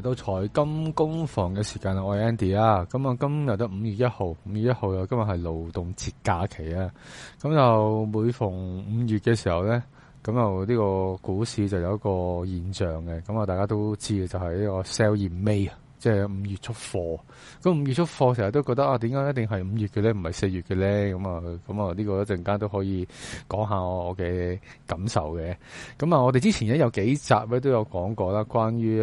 到財金工房嘅時間，我係 Andy 啊。咁啊，今日都五月一號，五月一號又今日係勞動節假期啊。咁就每逢五月嘅時候咧，咁又呢個股市就有一個現象嘅。咁啊，大家都知嘅就係呢個 sell in May 啊，即係五月出貨。咁五月出貨成日都覺得啊，點解一定係五月嘅咧？唔係四月嘅咧？咁啊，咁啊，呢個一陣間都可以講下我嘅感受嘅。咁啊，我哋之前咧有幾集咧都有講過啦，關於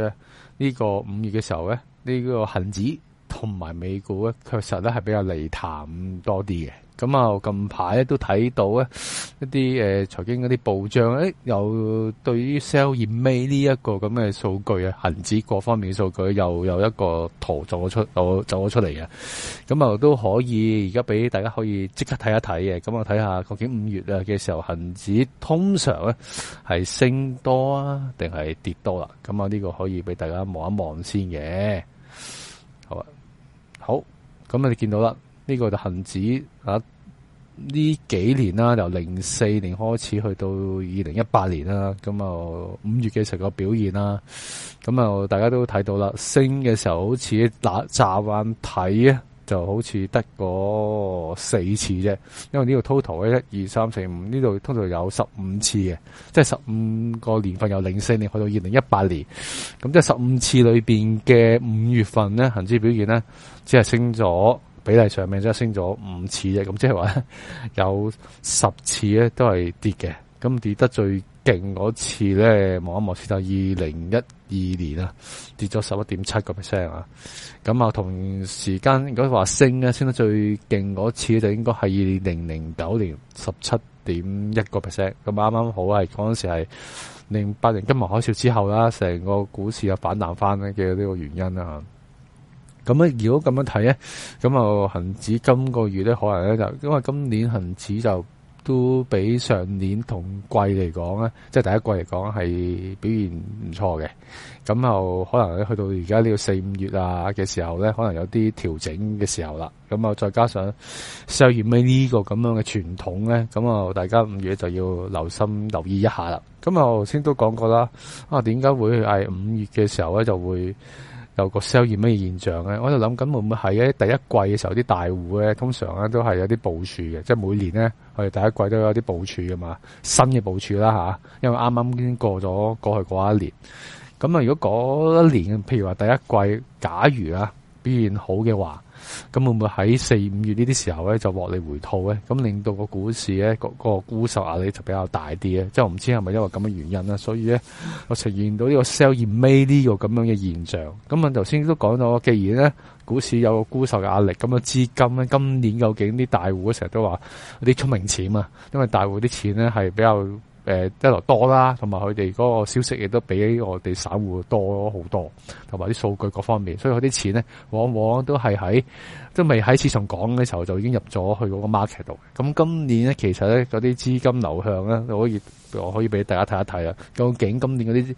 呢個五月嘅時候咧，呢、這個恒指同埋美股咧，確實咧係比較利淡多啲嘅。咁啊，近排咧都睇到咧一啲誒財經嗰啲報章，誒又對於 sell in May 呢一個咁嘅數據啊，恒指各方面嘅數據又有一個圖做咗出，做出我做咗出嚟啊！咁啊都可以，而家俾大家可以即刻睇一睇嘅。咁啊睇下究竟五月啊嘅時候，恒指通常咧係升多啊，定係跌多啦？咁啊呢個可以俾大家望一望先嘅。好啊，好，咁啊你見到啦。呢個就恒指啊，呢幾年啦、啊，由零四年開始去到二零一八年啦，咁啊五月嘅時候嘅表現啦，咁啊大家都睇到啦，升嘅時候好似嗱乍眼睇啊，就好似得嗰四次啫，因為呢個 total 咧一二三四五呢度 total 有十五次嘅，即係十五個年份由零四年去到二零一八年，咁即係十五次裏邊嘅五月份咧恒指表現咧，只係升咗。比例上面即係升咗五次啫，咁即係話有十次咧都係跌嘅，咁跌得最勁嗰次咧望一望先，就二零一二年啦，跌咗十一點七個 percent 啊，咁啊同時間如果話升咧，升得最勁嗰次咧就應該係二零零九年十七點一個 percent，咁啱啱好係嗰陣時係零八年金融海嘯之後啦，成個股市啊反彈翻咧嘅呢個原因啦。咁啊，如果咁樣睇咧，咁啊恒指今個月咧，可能咧就因為今年恒指就都比上年同季嚟講咧，即、就、係、是、第一季嚟講係表現唔錯嘅。咁啊，可能去到而家呢個四五月啊嘅時候咧，可能有啲調整嘅時候啦。咁啊，再加上四月 e 呢個咁樣嘅傳統咧，咁啊，大家五月就要留心留意一下啦。咁啊，頭先都講過啦，啊點解會係五月嘅時候咧就會？有個銷售咩現象咧？我就度諗緊會唔會係咧，第一季嘅時候，啲大戶咧通常咧都係有啲部署嘅，即係每年咧我哋第一季都有啲部署噶嘛，新嘅部署啦嚇，因為啱啱經過咗過去嗰一年，咁啊如果嗰一年譬如話第一季，假如啊。表現好嘅話，咁會唔會喺四五月呢啲時候咧就獲利回吐咧？咁令到個股市咧，個沽售壓力就比較大啲咧，即係我唔知係咪因為咁嘅原因啦。所以咧，我呈現到呢個 sell in May 呢個咁樣嘅現象。咁啊，頭先都講咗，既然咧股市有沽售嘅壓力，咁啊資金咧今年究竟啲大戶成日都話啲聰明錢啊，因為大戶啲錢咧係比較。誒、嗯、一來多啦，同埋佢哋嗰個消息亦都比我哋散戶多好多，同埋啲數據各方面，所以佢啲錢咧，往往都係喺都未喺市場講嘅時候，就已經入咗去嗰個 market 度。咁今年咧，其實咧嗰啲資金流向咧，我可以我可以俾大家睇一睇啊。究竟今年嗰啲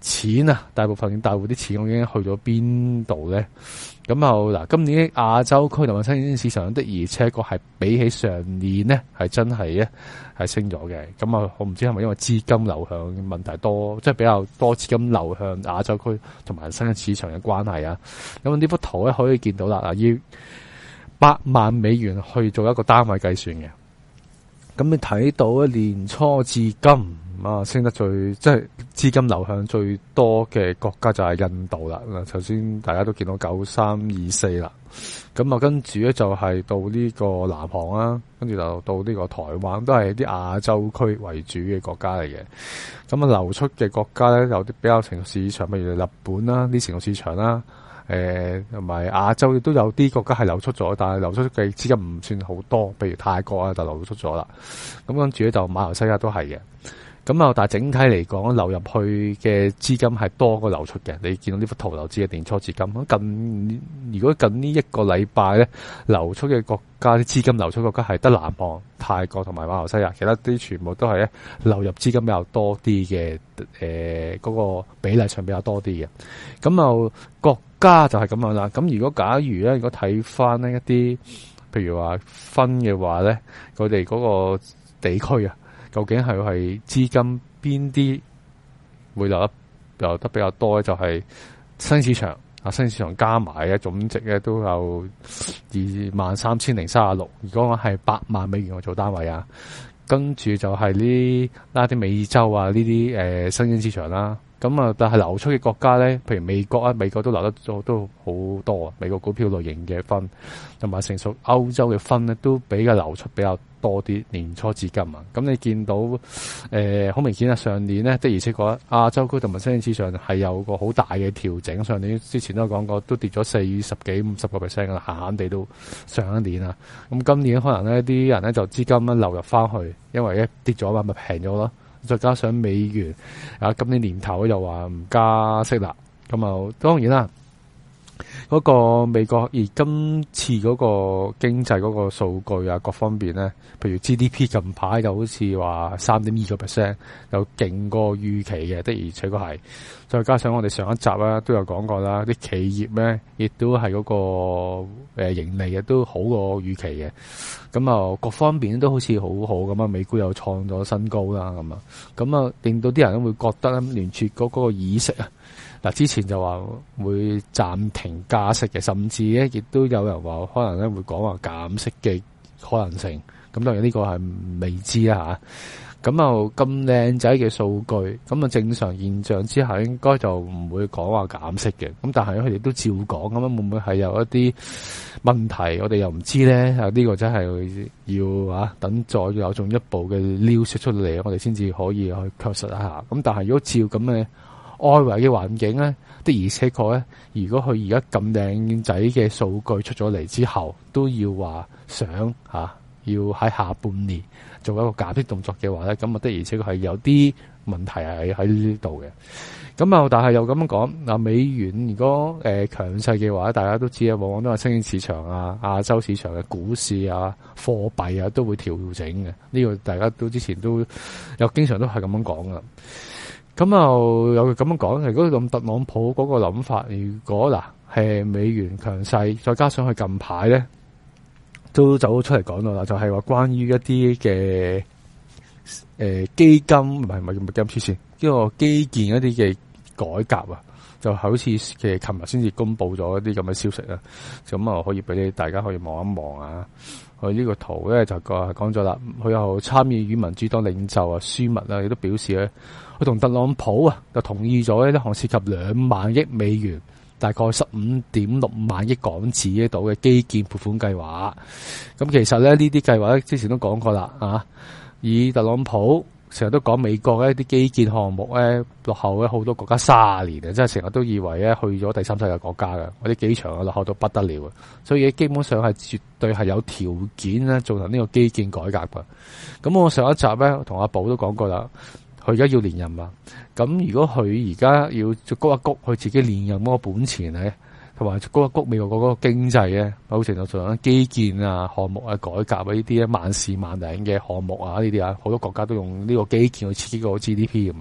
錢啊，大部分大戶啲錢已經去咗邊度咧？咁啊，嗱，今年亞洲區同埋新興市場的而且確係比起上年呢，係真係咧，係升咗嘅。咁啊，我唔知係咪因為資金流向問題多，即係比較多資金流向亞洲區同埋新嘅市場嘅關係啊。咁呢幅圖咧，可以見到啦，要八萬美元去做一個單位計算嘅，咁你睇到年初至今。啊，升得最即係資金流向最多嘅國家就係印度啦。嗱，頭先大家都見到九三二四啦，咁啊跟住咧就係到呢個南韓啦。跟住就到呢個台灣，都係啲亞洲區為主嘅國家嚟嘅。咁啊流出嘅國家咧有啲比較成熟市場，譬如日本啦呢成熟市場啦，誒同埋亞洲亦都有啲國家係流出咗，但係流出嘅資金唔算好多，譬如泰國啊就流出咗啦。咁跟住咧就馬來西亞都係嘅。咁啊！但係整體嚟講，流入去嘅資金係多過流出嘅。你見到呢幅圖，流入嘅年初資金，近如果近呢一個禮拜咧，流出嘅國家啲資金流出國家係得南韓、泰國同埋馬來西亞，其他啲全部都係咧流入資金比較多啲嘅。嗰、呃嗰個比例上比較多啲嘅。咁啊，國家就係咁樣啦。咁如果假如咧，如果睇翻呢一啲，譬如分話分嘅話咧，佢哋嗰個地區啊。究竟係要係資金邊啲會流得流得比較多咧？就係新興市場啊，新興市場加埋嘅總值咧都有二萬三千零三十六。如果我係八萬美元我做單位啊，跟住就係呢啲拉丁美洲啊呢啲，誒新興市場啦。咁啊，但係流出嘅國家咧，譬如美國啊，美國都流得都都好多啊。美國股票類型嘅分，同埋成熟歐洲嘅分咧，都比較流出比較多。多啲年初至今啊，咁你見到誒好、呃、明顯啊，上年咧的而且確亞洲區同埋升市場係有個好大嘅調整。上年之前都講過，都跌咗四十幾五十個 percent 啦，閒閒哋都上一年啦。咁今年可能咧啲人咧就資金咧流入翻去，因為一跌咗嘛，咪平咗咯。再加上美元啊，今年年頭又話唔加息啦，咁啊，當然啦。嗰個美國而今次嗰個經濟嗰個數據啊，各方面咧，譬如 GDP 近排就好似話三點二個 percent，有勁過預期嘅，的而且確係。再加上我哋上一集啦、啊、都有講過啦，啲企業咧亦都係嗰個誒盈利，嘅都好過預期嘅。咁啊，各方面都好似好好咁啊，美股又創咗新高啦，咁啊，咁啊，令到啲人都會覺得咧聯儲局嗰嗰個議息啊。那個嗱，之前就話會暫停加息嘅，甚至咧亦都有人話可能咧會講話減息嘅可能性。咁當然呢個係未知啦嚇。咁又咁靚仔嘅數據，咁、嗯、啊正常現象之下應該就唔會講話減息嘅。咁、嗯、但係佢哋都照講，咁樣會唔會係有一啲問題？我哋又唔知咧。啊，呢、呢個真係要嚇、啊、等再有進一步嘅料出出嚟，我哋先至可以去確實一下。咁、嗯、但係如果照咁嘅，外圍嘅環境咧，的而且確咧，如果佢而家咁靚仔嘅數據出咗嚟之後，都要話想、啊、要喺下半年做一個減的動作嘅話咧，咁啊的而且確係有啲問題係喺呢度嘅。咁啊，但係又咁樣講啊，美元如果、呃、強勢嘅話，大家都知啊，往往都係新興市場啊、亞洲市場嘅股市啊、貨幣啊都會調整嘅。呢個大家都之前都又經常都係咁樣講噶。咁又有咁樣講，如果咁特朗普嗰個諗法，如果嗱係美元強勢，再加上佢近排咧都走咗出嚟講到啦，就係話，關於一啲嘅，誒，基金唔係唔係叫金出綫，呢個基建一啲嘅改革啊，就好似其實琴日先至公布咗一啲咁嘅消息啊，咁啊可以俾你大家可以望一望啊。呢個圖咧就講講咗啦，佢又參與與民主黨領袖啊、舒默啦，亦都表示咧，佢同特朗普啊，就同意咗呢一項涉及兩萬億美元，大概十五點六萬億港紙一度嘅基建撥款計劃。咁其實咧，呢啲計劃咧，之前都講過啦啊，以特朗普。成日都講美國呢啲基建項目咧落後咧好多國家卅年啊！即係成日都以為咧去咗第三世界國家嘅嗰啲機場啊落後到不得了啊！所以基本上係絕對係有條件咧進行呢個基建改革嘅。咁我上一集咧同阿寶都講過啦，佢而家要連任嘛。咁如果佢而家要谷一谷，佢自己連任嗰個本錢咧？同埋嗰個谷美國嗰個經濟咧，某程度上基建啊,項啊、萬萬項,項目啊、改革啊呢啲萬事萬頂嘅項目啊呢啲啊，好多國家都用呢個基建去刺激個 GDP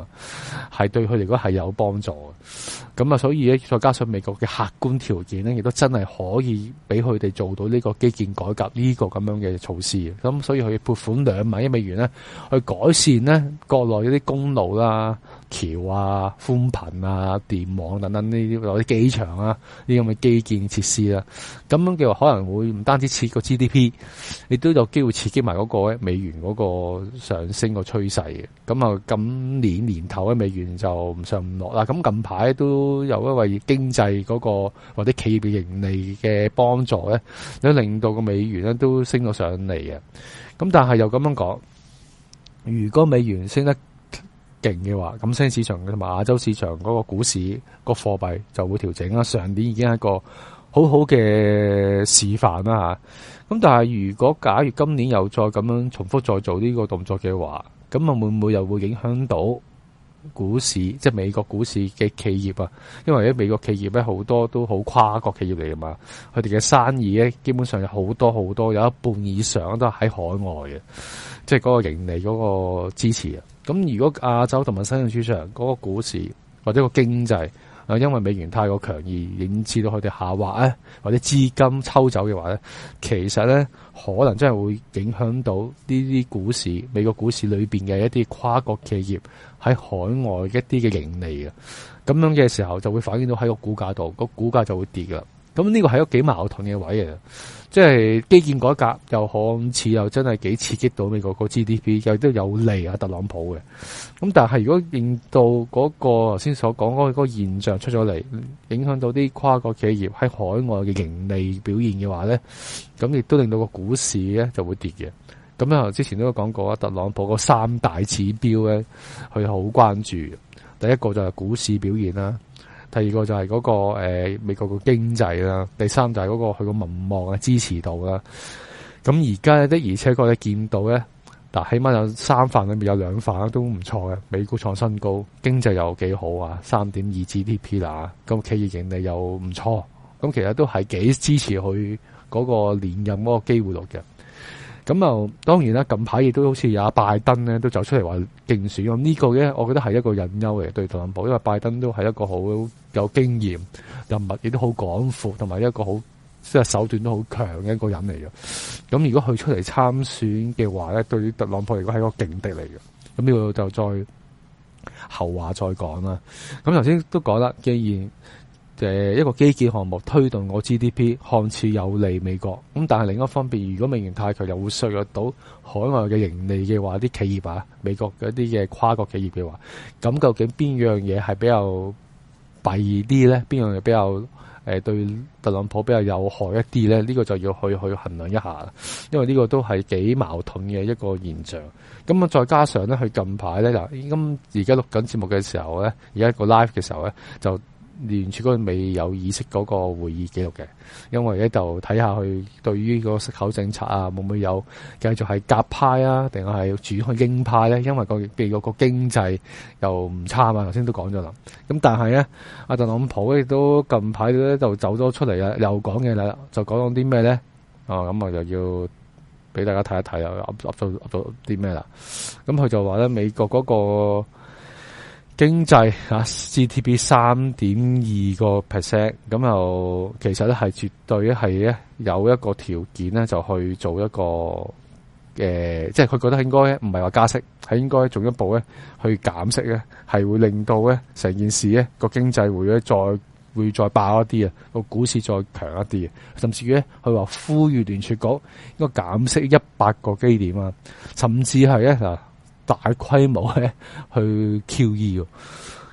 係對佢嚟講係有幫助嘅。咁啊，所以咧，再加上美國嘅客觀條件咧，亦都真係可以俾佢哋做到呢個基建改革呢個咁樣嘅措施。咁所以佢撥款兩萬億美元咧，去改善呢國內嗰啲公路啦。橋啊、寬頻啊、電網等等呢啲，或者機場啊，呢啲咁嘅基建設施啦、啊，咁樣嘅話可能會唔單止刺激個 GDP，亦都有機會刺激埋嗰個美元嗰個上升個趨勢嘅。咁啊，今年年頭咧，美元就唔上唔落啦。咁近排都有因為經濟嗰個或者企業嘅盈利嘅幫助咧，都令到個美元咧都升咗上嚟嘅。咁但係又咁樣講，如果美元升得勁嘅話，咁新市場同埋亞洲市場嗰個股市個貨幣就會調整啦。上年已經係一個好好嘅示範啦，咁但係如果假如今年又再咁樣重複再做呢個動作嘅話，咁啊會唔會又會影響到股市，即係美國股市嘅企業啊？因為喺美國企業咧好多都好跨國企業嚟噶嘛，佢哋嘅生意咧基本上有好多好多有一半以上都喺海外嘅，即係嗰個盈利嗰個支持啊。咁如果亞洲同埋新俊市場嗰個股市或者個經濟，啊因為美元太過強而引致到佢哋下滑咧，或者資金抽走嘅話咧，其實咧可能真係會影響到呢啲股市，美國股市裏邊嘅一啲跨國企業喺海外一啲嘅盈利嘅，咁樣嘅時候就會反映到喺個股價度，個股價就會跌噶啦。咁呢個係一個幾矛盾嘅位嘅，即係基建改革又看似又真係幾刺激到美國個 GDP，又都有利啊特朗普嘅。咁但係如果令到嗰個頭先所講嗰個現象出咗嚟，影響到啲跨國企業喺海外嘅盈利表現嘅話咧，咁亦都令到個股市咧就會跌嘅。咁啊之前都有講過啊，特朗普個三大指標咧，佢好關注，第一個就係股市表現啦。第二個就係嗰、那個、呃、美國嘅經濟啦，第三就係嗰、那個佢個民望啊、支持度啦。咁而家的而且確咧見到咧，嗱起碼有三份裏面有兩份都唔錯嘅，美股創新高，經濟又幾好啊，三點二 GDP 啦，咁企業盈利又唔錯，咁其實都係幾支持佢嗰個連任嗰個機會率嘅。咁啊，當然啦，近排亦都好似有阿拜登咧，都走出嚟話競選咁呢、呢個咧，我覺得係一個隱憂嚟對特朗普，因為拜登都係一個好有經驗人物，亦都好廣闊，同埋一個好即係手段都好強嘅一個人嚟嘅。咁如果佢出嚟參選嘅話咧，對於特朗普嚟講係一個勁敵嚟嘅。咁、這、呢個就再後話再講啦。咁頭先都講啦，既然誒一個基建項目推動我 GDP，看似有利美國。咁但係另一方面，如果美元太強，又會削弱到海外嘅盈利嘅話，啲企業啊，美國嗰啲嘅跨國企業嘅話，咁究竟邊樣嘢係比較弊啲咧？邊樣嘢比較、呃、對特朗普比較有害一啲咧？呢個就要去去衡量一下，因為呢個都係幾矛盾嘅一個現象。咁啊，再加上咧，佢近排咧，嗱，今而家錄緊節目嘅時候咧，而家個 live 嘅時候咧，就。連住嗰個未有意識嗰個會議記錄嘅，因為咧就睇下佢對於個息口政策啊，會唔會有繼續係夾派啊，定係係主去英派咧？因為、個譬如個個經濟又唔差嘛，頭先都講咗啦。咁但係咧，阿特朗普亦都近排咧就走咗出嚟啊，又講嘢啦，就講到啲咩咧？啊、哦，咁我又要俾大家睇一睇啊，噏到啲咩啦？咁佢就話咧，美國嗰個。經濟 GTP 三點二個 percent，咁又其實咧係絕對係有一個條件呢，就去做一個即係佢覺得應該唔係話加息，係應該進一步咧去減息咧，係會令到咧成件事咧個經濟會再會再爆一啲，個股市再強一啲，甚至咧佢話呼籲聯儲局應該減息一百個基點啊，甚至係咧大規模咧去 QE 喎，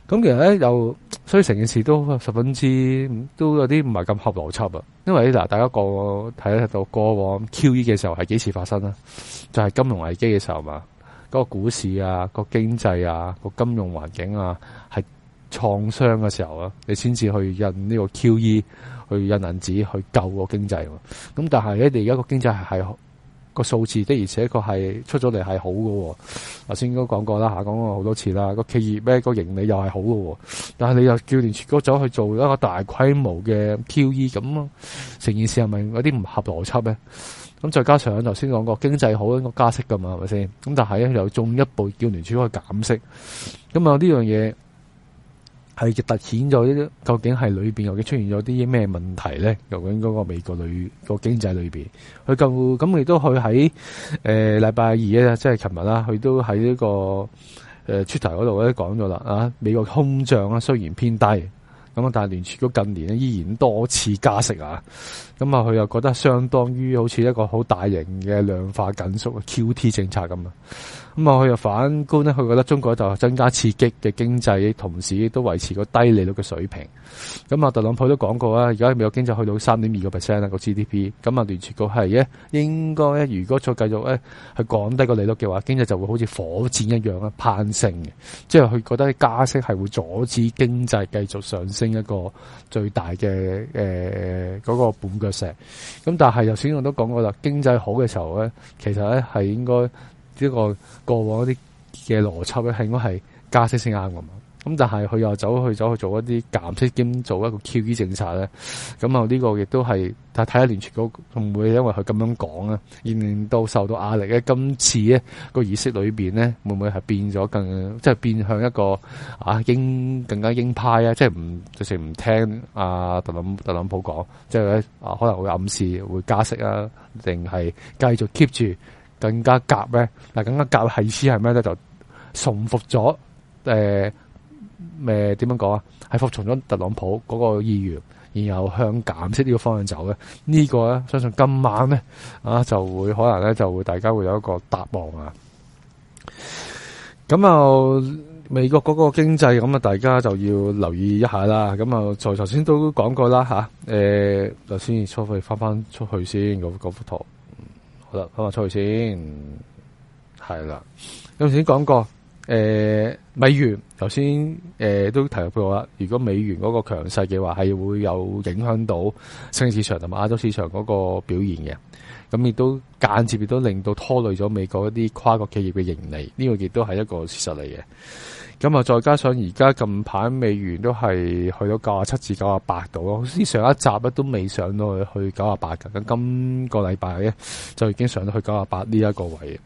咁其實咧又所以成件事都十分之都有啲唔係咁合邏輯啊。因為嗱，大家過睇得到過往 QE 嘅時候係幾時發生啊？就係金融危機嘅時候嘛，嗰個股市啊、個經濟啊、個金融環境啊係創傷嘅時候啊，你先至去印呢個 QE 去印銀紙去救個經濟喎。咁但係咧，你而家個經濟係係。個數字的是，而且佢係出咗嚟係好㗎喎、哦。頭先應該講過啦，講過好多次啦。個企業咧？個盈利又係好㗎喎、哦，但係你又叫聯儲局走去做一個大規模嘅 QE 咁啊，成件事係咪有啲唔合邏輯呢？咁再加上頭先講過經濟好應該加息㗎嘛係咪先？咁但係咧又進一步叫聯儲局去減息，咁啊呢樣嘢。係突顯咗究竟係裏邊究竟出現咗啲咩問題咧？究竟嗰個美國裏，嗰個經濟裏邊，佢咁咁亦都佢喺誒禮拜二啊，即係琴日啦，佢都喺呢、呢個誒出頭嗰度咧講咗啦啊，美國通脹啊雖然偏低，咁啊但係聯儲局近年咧依然多次加息啊，咁啊佢又覺得相當於好似一個好大型嘅量化緊縮嘅 QT 政策咁啊。咁啊，佢又反觀咧，佢覺得中國就增加刺激嘅經濟，同時亦都維持個低利率嘅水平。咁啊，特朗普都講過啊，而家美國經濟去到三點二個 percent 啦，個 GDP。咁啊，聯儲局係咧，應該咧，如果再繼續咧去降低個利率嘅話，經濟就會好似火箭一樣啊，攀升嘅。即係佢覺得加息係會阻止經濟繼續上升一個最大嘅誒嗰個絆腳石。咁但係頭先我都講過啦，經濟好嘅時候咧，其實咧係應該。呢個過往一啲嘅邏輯咧，係應該係加息先啱噶嘛？咁但係佢又走去走去做一啲減息兼做一個 QE 政策咧，咁啊呢個亦都係，但睇下聯儲局，會唔會因為佢咁樣講啊，而令到受到壓力咧？今次咧個議息裏邊咧，會唔會係變咗更，即係變向一個啊鷹更加鷹派啊？即係唔，即使唔聽阿、啊、特朗普講，即係咧啊可能會暗示會加息啊，定係繼續 keep 住？更加夾咧，嗱更加夾係意思係咩咧？就重複咗，誒、呃，咩點樣講啊？係服從咗特朗普嗰個意願，然後向減息呢個方向走咧。這個、呢個咧，相信今晚咧，啊，就會可能咧，就會大家會有一個答案啊。咁啊、呃，美國嗰個經濟咁啊，大家就要留意一下啦。咁啊，在頭先都講過啦吓，誒、啊呃，先出去翻翻出去先嗰幅圖。好啦，好啊出去先說說，係啦。咁頭先講過，誒，美元頭先誒都提及過啦。如果美元嗰個強勢嘅話，係會有影響到新市場同埋亞洲市場嗰個表現嘅。咁亦都間接亦都令到拖累咗美國一啲跨國企業嘅盈利。呢個亦都係一個事實嚟嘅。咁啊，再加上而家近排美元都係去到九啊七至九啊八度咯，好似上一集咧都未上到去九啊八，咁今個禮拜咧就已經上到去九啊八呢一個位。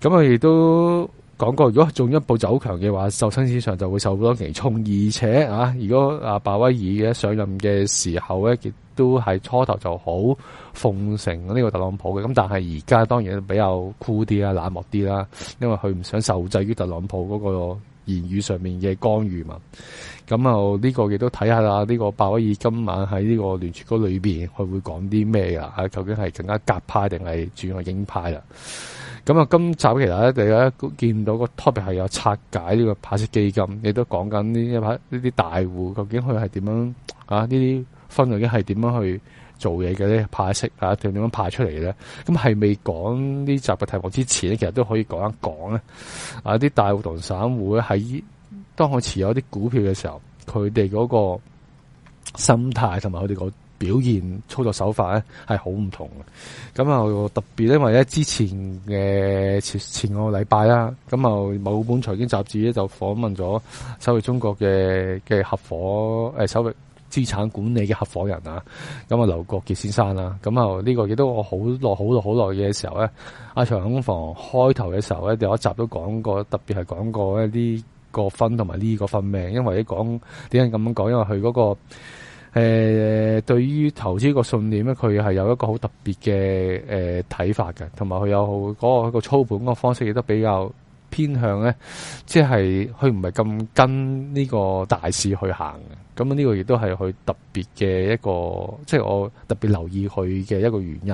咁啊，亦都講過，如果進一步走強嘅話，受新市場就會受好多影響。而且啊，如果阿、啊、鮑威爾嘅上任嘅時候咧，亦都係初頭就好奉承呢個特朗普嘅。咁但係而家當然比較酷啲啦，冷漠啲啦，因為佢唔想受制於特朗普嗰、嗰個。言語上面嘅干預嘛，咁啊，呢個亦都睇下啦，呢個鮑威爾今晚喺呢個聯儲局裏邊佢會講啲咩噶吓，究竟係更加鴿派定係轉去鷹派啦？咁啊今集其實咧大家見到個 topic 係有拆解呢個派息基金，亦都講緊呢一排呢啲大戶究竟佢係點樣啊？呢啲分類係係點樣去？做嘢嘅咧派息啊，點點樣派出嚟咧？咁係未講呢集嘅題目之前咧，其實都可以講一講咧。啊，啲大戶同散戶咧，喺當佢持有啲股票嘅時候，佢哋嗰個心態同埋佢哋個表現操作手法咧，係好唔同嘅。咁啊特別咧，因為咧之前嘅前前個禮拜啦，咁啊某本財經雜誌咧就訪問咗首位中國嘅嘅合伙。呃、首位。資產管理嘅合夥人啊，咁啊劉國傑先生啦、啊，咁啊呢個亦都我好耐好耐好耐嘅時候咧、啊，財金工房開頭嘅時候咧、啊，有一集都講過，特別係講過呢個分同埋呢個分命，因為你講點解咁樣講，因為佢嗰、那個、呃、對於投資個信念咧，佢係有一個好特別嘅睇、呃、法嘅，同埋佢有嗰、那個、那個操盤個方式亦都比較。偏向咧，即係佢唔係咁跟呢個大市去行嘅，咁呢個亦都係佢特別嘅一個，即係我特別留意佢嘅一個原因。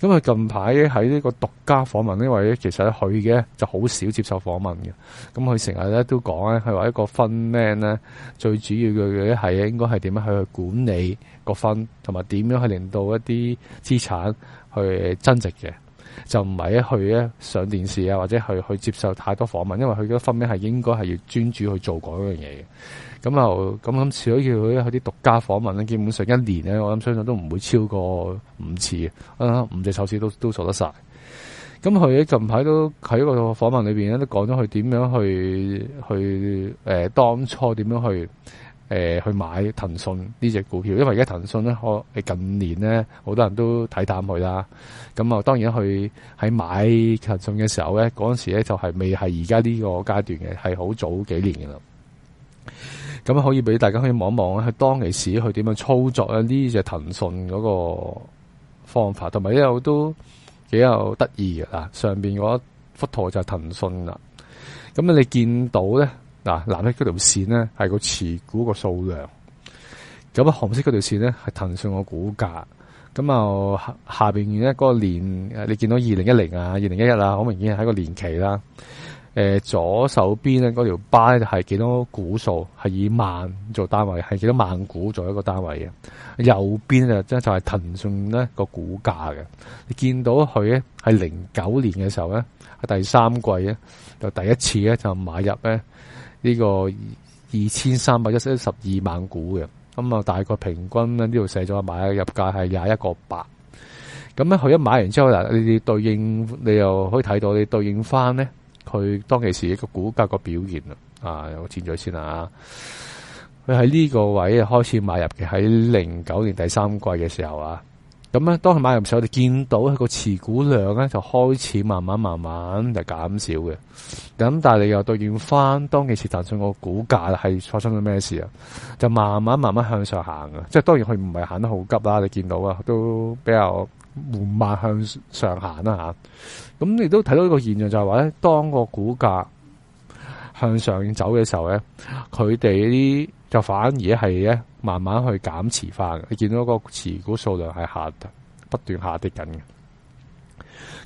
咁佢近排喺呢個獨家訪問，因為其實佢嘅就好少接受訪問嘅，咁佢成日咧都講咧，佢話一個分 man 咧，最主要嘅嘅係應該係點樣去管理個分，同埋點樣去令到一啲資產去增值嘅。就唔係去上電視呀，或者去接受太多訪問，因為佢嘅分明係應該係要專注去做嗰樣嘢嘅。咁又咁咁少，佢佢啲獨家訪問咧，基本上一年呢，我諗相信都唔會超過五次呀，五隻手指都都做得曬。咁佢近排都喺個訪問裏面咧，都講咗佢點樣去去、呃、當初點樣去。誒，去買騰訊呢隻股票，因為而家騰訊咧，我近年咧，好多人都睇淡佢啦。咁啊，當然去喺買騰訊嘅時候咧，嗰陣時咧就係未係而家呢個階段嘅，係好早幾年嘅啦。咁可以俾大家可以望一望咧，當其時去點樣操作咧呢隻騰訊嗰個方法，同埋咧又都幾有得意嘅啦。上邊嗰幅圖就係騰訊啦。咁啊，你見到咧？嗱，藍色嗰條線呢係個持股個數量，咁啊紅色嗰條線呢係騰訊個股價，咁啊下下邊咧個年，你見到二零一零啊、二零一一啊，好明顯係一個年期啦。誒，左手邊咧嗰條 bar 咧係幾多股數，係以萬做單位，係幾多萬股做一個單位嘅。右邊啊即就係騰訊咧個股價嘅，你見到佢咧係零九年嘅時候咧，喺第三季咧就第一次咧就買入咧。呢個二千三百一十二萬股嘅，咁啊，大概平均咧呢度寫咗買入價係廿一個八，咁咧佢一買完之後嗱，你哋對應你又可以睇到，你對應翻咧佢當其時嘅股價個表現啦。啊，我轉咗先啦啊，佢喺呢個位置開始買入嘅，喺零九年第三季嘅時候啊。咁咧，當佢買入時候，我哋見到佢個持股量咧，就開始慢慢慢慢就減少嘅。咁但係你又對應翻當其時，騰訊個股價係發生咗咩事啊？就慢慢慢慢向上行嘅，即係當然佢唔係行得好急啦。你見到啊，都比較緩慢向上行啦嚇。咁你都睇到一個現象，就係話咧，當個股價向上走嘅時候咧，佢哋啲就反而係咧，慢慢去減持翻嘅。你見到個持股數量係下不斷下跌緊嘅。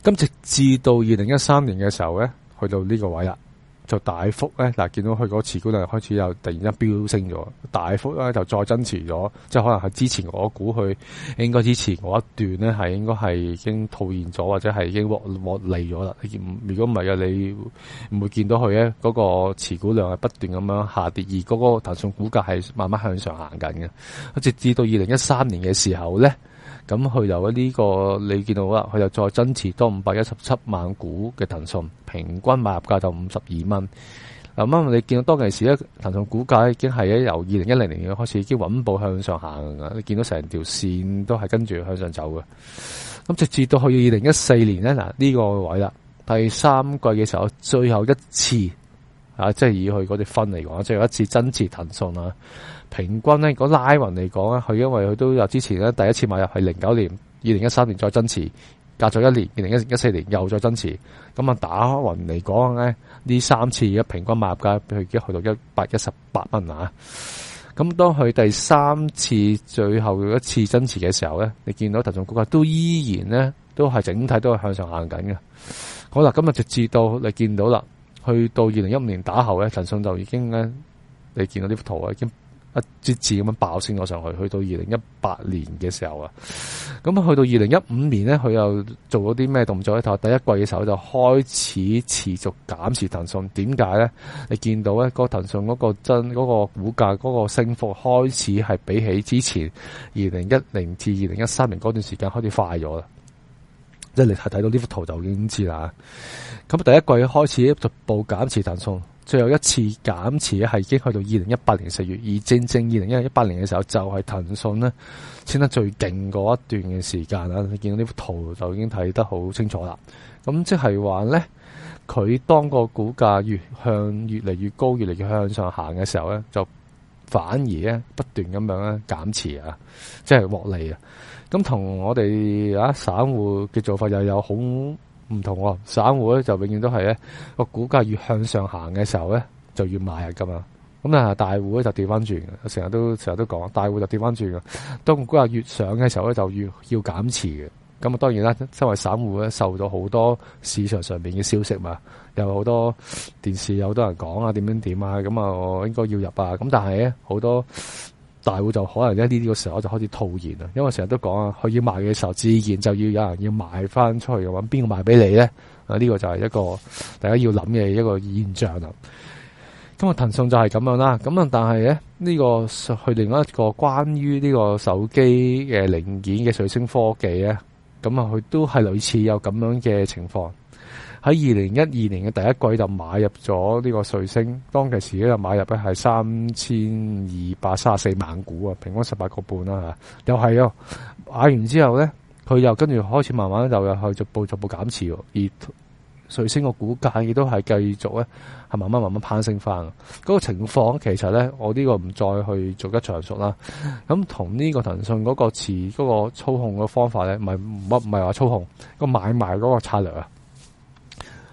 咁直至到二零一三年嘅時候咧，去到呢個位啦。就大幅咧，嗱，見到佢嗰持股量開始又突然間飆升咗，大幅咧就再增持咗，即係可能係之前我估佢應該之前嗰一段咧係應該係已經套現咗，或者係已經獲獲利咗啦。如果唔係嘅，你唔會見到佢咧嗰個持股量係不斷咁樣下跌，而嗰個騰訊股價係慢慢向上行緊嘅，直至到二零一三年嘅時候咧。咁佢由呢個你見到啦，佢就再增持多五百一十七萬股嘅騰訊，平均買入價就五十二蚊。嗱，咁你見到當其時咧，騰訊股價已經係由二零一零年開始已經穩步向上行噶，你見到成條線都係跟住向上走嘅。咁直至到去二零一四年咧，嗱、這、呢個位啦，第三季嘅時候最後一次。啊，即係以佢嗰啲分嚟講，即係有一次增持騰訊啊，平均咧，如果拉匀嚟講咧，佢因為佢都有之前咧第一次買入係零九年，二零一三年再增持，隔咗一年二零一四年又再增持，咁啊打匀嚟講咧，呢三次嘅平均買入價佢已經去到一百一十八蚊啊，咁當佢第三次最後一次增持嘅時候咧，你見到騰訊股價都依然咧都係整體都係向上行緊嘅。好啦，今日直至到你見到啦。去到二零一五年打後咧，騰訊就已經咧，你見到呢幅圖啊，已經一節字咁爆升咗上去。去到二零一八年嘅時候啊，咁啊，去到二零一五年咧，佢又做咗啲咩動作咧？睇第一季嘅時候就開始持續減持騰訊，點解咧？你見到咧，個騰訊嗰個真嗰個股價嗰個升幅開始係比起之前二零一零至二零一三年嗰段時間開始快咗啦。即係睇睇到呢幅圖就已經知啦。咁第一季開始逐步減持騰訊，最後一次減持咧係已經去到二零一八年四月。而正正二零一八年嘅時候，就係騰訊咧升得最勁嗰一段嘅時間啦。你見到呢幅圖就已經睇得好清楚啦。咁即係話咧，佢當個股價越向越嚟越高，越嚟越向上行嘅時候咧，就反而咧不斷咁樣咧減持啊，即係獲利啊。咁同我哋啊，散戶嘅做法又有好唔同喎、啊。散戶咧就永遠都係咧個股價越向上行嘅時候咧，就越買啊嘛。咁、嗯、啊，大戶咧就調翻轉，成日都成日都講，大戶就調翻轉嘅。當股價越上嘅時候咧，就越要要減持嘅。咁、嗯、啊，當然啦，身為散戶咧，受咗好多市場上邊嘅消息嘛，又好多電視有好多人講啊，點樣點啊，咁、嗯、啊，我應該要入啊。咁、嗯、但係咧，好多。大戶就可能一呢啲嘅時候，我就開始套現啦，因為成日都講啊，佢要賣嘅時候自然就要有人要賣翻出去，搵邊個賣俾你咧？啊，呢個就係一個大家要諗嘅一個現象啦。咁啊，騰訊就係咁樣啦。咁啊，但係咧呢，這個佢另外一個關於呢個手機嘅零件嘅瑞聲科技咧，咁啊佢都係類似有咁樣嘅情況。喺二零一二年嘅第一季就買入咗呢個瑞星，當其時咧就買入咧係三千二百卅四萬股啊，平均十八個半啦吓，又係啊，買完之後咧，佢又跟住開始慢慢流入去，逐步逐步減持。而瑞星個股價亦都係繼續咧係慢慢慢慢攀升翻。嗰個情況其實咧，我呢個唔再去做一詳述啦。咁同呢個騰訊嗰個詞嗰個操控嘅方法咧，唔係唔唔係話操控個買賣嗰個策略啊。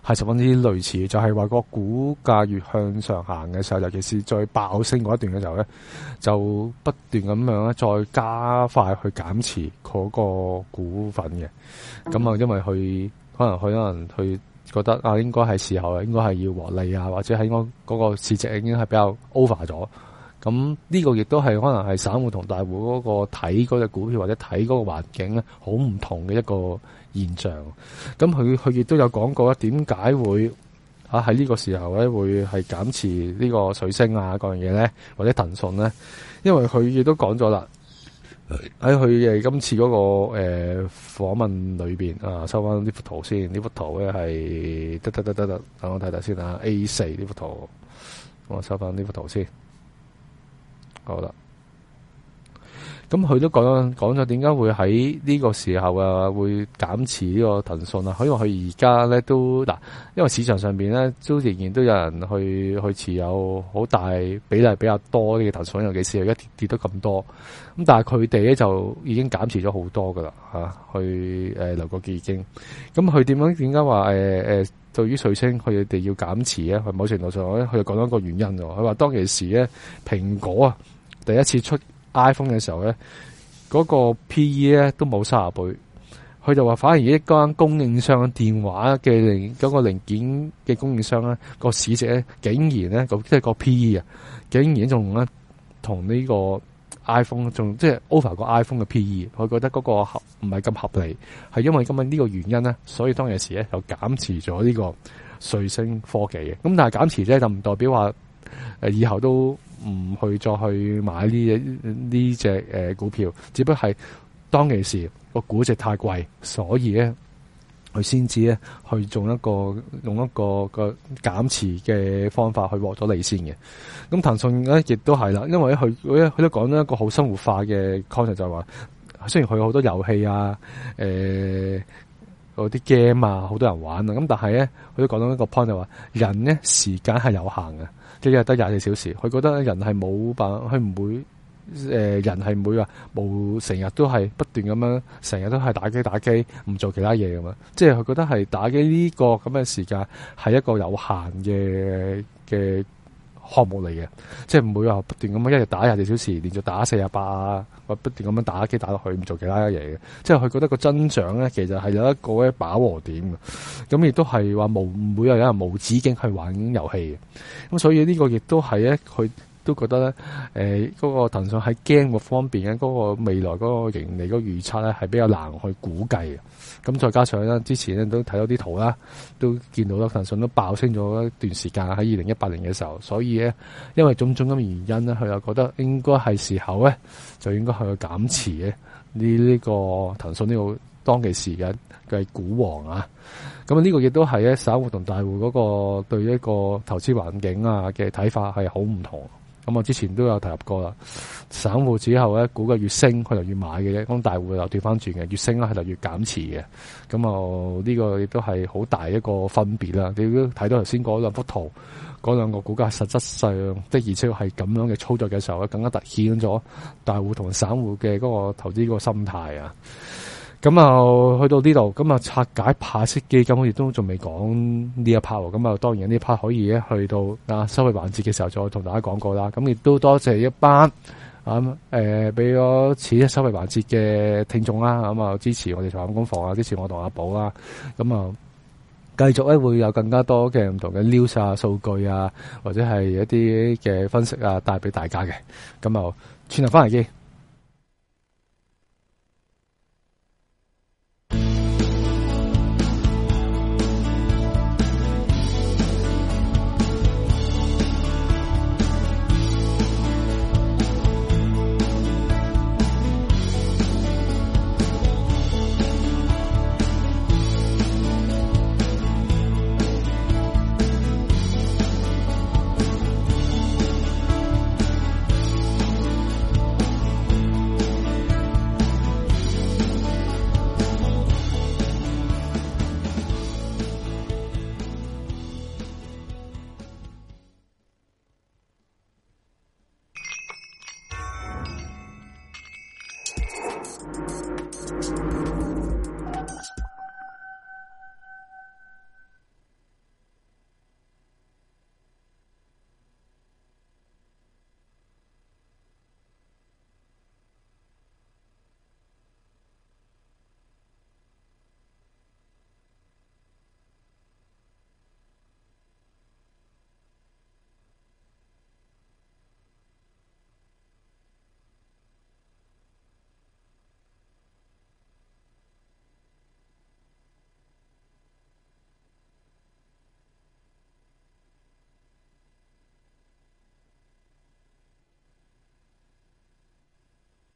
係十分之類似，就係話個股價越向上行嘅時候，尤其是再爆升嗰一段嘅時候咧，就不斷咁樣咧，再加快去減持嗰個股份嘅。咁啊，因為佢可能佢可能，佢覺得啊，應該係時候，應該係要獲利啊，或者係應該嗰個市值已經係比較 over 咗。咁呢個亦都係可能係散戶同大戶嗰個睇嗰隻股票或者睇嗰個環境咧，好唔同嘅一個現象。咁佢佢亦都有講過，點解會啊喺呢個時候咧會係減持呢個水星啊嗰樣嘢咧，或者騰訊咧，因為佢亦都講咗啦喺佢嘅今次嗰、嗰個誒、呃、訪問裏邊啊，收翻呢幅圖先。呢幅圖咧係得得得得得，等我睇睇先啊。A 四呢幅圖，我收翻呢幅圖先。好啦，咁佢都講講咗點解會喺呢個時候啊，會減持呢個騰訊啊？因為佢而家咧都嗱，因為市場上邊咧都仍然都有人去去持有好大比例比較多啲騰訊，尤其係啊，而家跌跌得咁多，咁但係佢哋咧就已經減持咗好多噶啦吓，去誒劉、呃、國傑已經，咁佢點樣點解話誒誒對於瑞聲，佢哋要減持咧？佢某程度上佢又講咗一個原因喎。佢話當其時咧蘋果啊。第一次出 iPhone 嘅時候咧，嗰個 P/E 咧都冇卅啊倍，佢就話反而一間供應商電話嘅嗰個零件嘅供應商咧，嗰個市值咧竟然咧，即係個 P/E 啊，竟然仲咧同同呢個 iPhone 仲即係 over 個 iPhone 嘅 P/E，佢覺得嗰個合唔係咁合理，係因為今日呢個原因咧，所以當其時咧就減持咗呢個瑞聲科技嘅，咁但係減持咧就唔代表話誒以後都，唔去再去買呢呢隻誒、呃、股票，只不過係當其時個估值太貴，所以咧佢先至咧去做一個用一個用一個，個減持嘅方法去獲咗利先嘅。咁騰訊咧亦都係啦，因為佢佢都講咗一個好生活化嘅 point 就係話雖然佢有好多遊戲啊，誒嗰啲 game 啊，好多人玩啊，咁但係咧佢都講到一個 point 就話，人咧時間係有限嘅。一日得廿四小時，佢覺得人係冇辦法，佢唔會誒、呃、人係唔會話冇成日都係不斷咁樣，成日都係打機打機，唔做其他嘢咁啊！即係佢覺得係打機呢個咁嘅時間係一個有限嘅嘅的項目嚟嘅，即係唔會話不斷咁樣一日打廿四小時，連續打四啊八啊，或不斷咁樣打機打落去，唔做其他嘢嘅。即係佢覺得個增長咧，其實係有一個咧飽和點嘅。咁亦都係話無唔會有人無止境去玩遊戲嘅。咁所以呢個亦都係一佢。都覺得咧，誒、呃，嗰、嗰個騰訊喺驚個方面嘅嗰個未來嗰個盈利個預測咧，係比較難去估計嘅。咁再加上咧，之前咧都睇到啲圖啦，都見到咧騰訊都爆升咗一段時間喺二零一八年嘅時候。所以咧，因為種種咁嘅原因咧，佢又覺得應該係時候咧就應該去減持呢、呢、呢個騰訊呢、呢個當其時嘅嘅股王啊。咁呢個亦都係咧散戶同大戶嗰、嗰個對一個投資環境啊嘅睇法係好唔同。咁我之前都有提及過啦，散戶之後咧股價越升，佢就越買嘅啫。咁大戶又調翻轉嘅，越升咧佢就越減持嘅。咁啊呢個亦都係好大一個分別啦。你都睇到頭先嗰兩幅圖，嗰兩個股價實質上的而且係咁樣嘅操作嘅時候，更加突顯咗大戶同散戶嘅嗰個投資嗰個心態啊。咁啊，去到呢度，咁啊拆解派息基金，亦都仲未講呢一 part 喎。咁啊，當然呢 part 可以去到啊收費環節嘅時候再同大家講過啦。咁亦都多謝，謝一班啊誒，俾、嗯、咗、呃、此收費環節嘅聽眾啦，咁啊支持我哋財金工房啊，支持我同阿寶啦。咁啊，繼續咧會有更加多嘅唔同嘅 news 啊、數據啊，或者係一啲嘅分析啊，帶俾大家嘅。咁啊，轉頭翻嚟見。